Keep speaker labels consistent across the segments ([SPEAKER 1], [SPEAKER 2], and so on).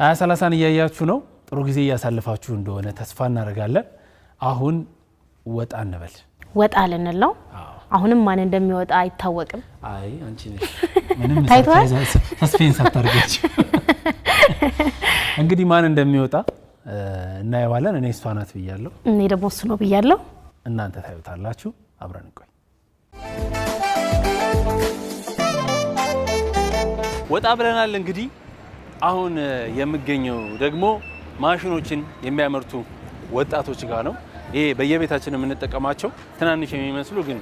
[SPEAKER 1] ሀያ ሰላሳን እያያችሁ ነው። ጥሩ ጊዜ እያሳልፋችሁ እንደሆነ ተስፋ እናደርጋለን። አሁን ወጣ እንበል፣
[SPEAKER 2] ወጣ ልንል ነው። አሁንም ማን እንደሚወጣ አይታወቅም።
[SPEAKER 1] አይ አንቺ ነሽ። ሰስፔንስ እንግዲህ ማን እንደሚወጣ እናየዋለን። እኔ እሷ ናት ብያለሁ።
[SPEAKER 2] እኔ ደግሞ እሱ ነው ብያለሁ።
[SPEAKER 1] እናንተ ታዩታላችሁ። አብረን እንቆይ። ወጣ ብለናል እንግዲህ አሁን የምገኘው ደግሞ ማሽኖችን የሚያመርቱ ወጣቶች ጋር ነው። ይሄ በየቤታችን የምንጠቀማቸው ትናንሽ የሚመስሉ ግን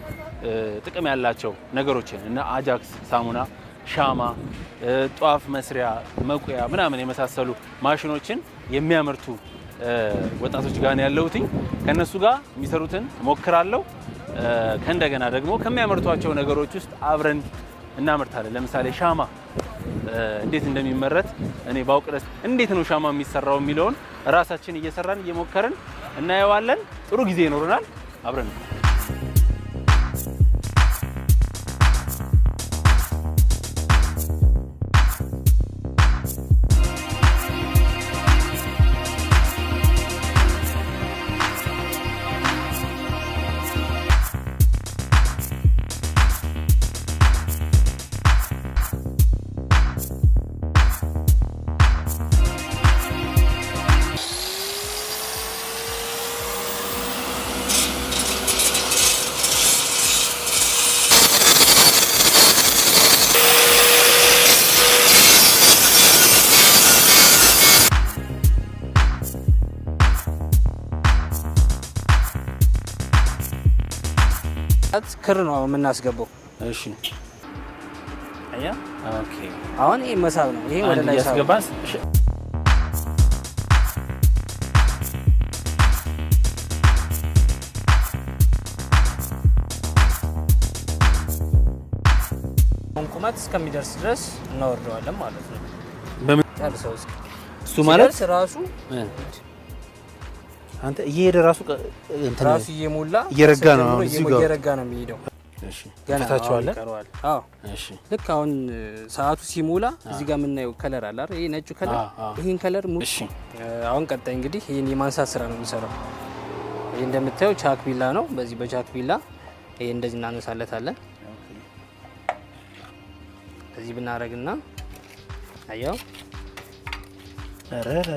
[SPEAKER 1] ጥቅም ያላቸው ነገሮችን እና አጃክስ ሳሙና፣ ሻማ፣ ጧፍ መስሪያ፣ መቁያ ምናምን የመሳሰሉ ማሽኖችን የሚያመርቱ ወጣቶች ጋር ነው ያለሁት። ከእነሱ ጋር የሚሰሩትን ሞክራለሁ። ከእንደገና ደግሞ ከሚያመርቷቸው ነገሮች ውስጥ አብረን እናመርታለን። ለምሳሌ ሻማ እንዴት እንደሚመረት እኔ ባውቅ ደስ እንዴት ነው ሻማ የሚሰራው የሚለውን ራሳችን እየሰራን እየሞከርን እናየዋለን። ጥሩ ጊዜ ይኖረናል አብረን ሰዓት ክር ነው የምናስገባው። እሺ አያ ኦኬ። አሁን ይሄ መሳብ ነው። ይሄ ወደ ላይ ያስገባስ ቁመት እስከሚደርስ ድረስ እናወርደዋለን ማለት ነው። በምን ጨርሰው እሱ ማለት ራሱ አንተ እየሄደ ራሱ ራሱ እየሞላ እየረጋ ነው እዚህ ጋር እየረጋ ነው የሚሄደው። እሺ ፈታቸዋለን። አዎ እሺ። ልክ አሁን ሰዓቱ ሲሞላ እዚህ ጋር የምናየው ከለር አለ አይደል? ይሄ ነጩ ከለር ይሄን ከለር ሙሉ። እሺ አሁን ቀጣይ እንግዲህ ይሄን የማንሳት ስራ ነው የሚሰራው። ይሄ እንደምታየው ቻክ ቢላ ነው። በዚህ በቻክ ቢላ ይሄ እንደዚህ እናነሳለታለን። እዚህ ብናረግና አያው ረረ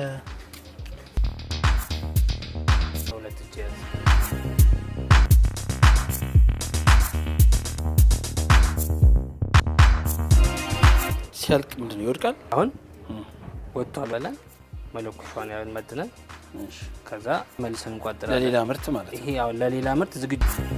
[SPEAKER 1] ሲያልቅ ምንድን ነው ይወድቃል። አሁን ወጥቷል በለን መለኮሿን ያመጥነን ከዛ መልሰን እንቋጥራለን። ለሌላ ምርት ማለት ይሄ ለሌላ ምርት ዝግጁ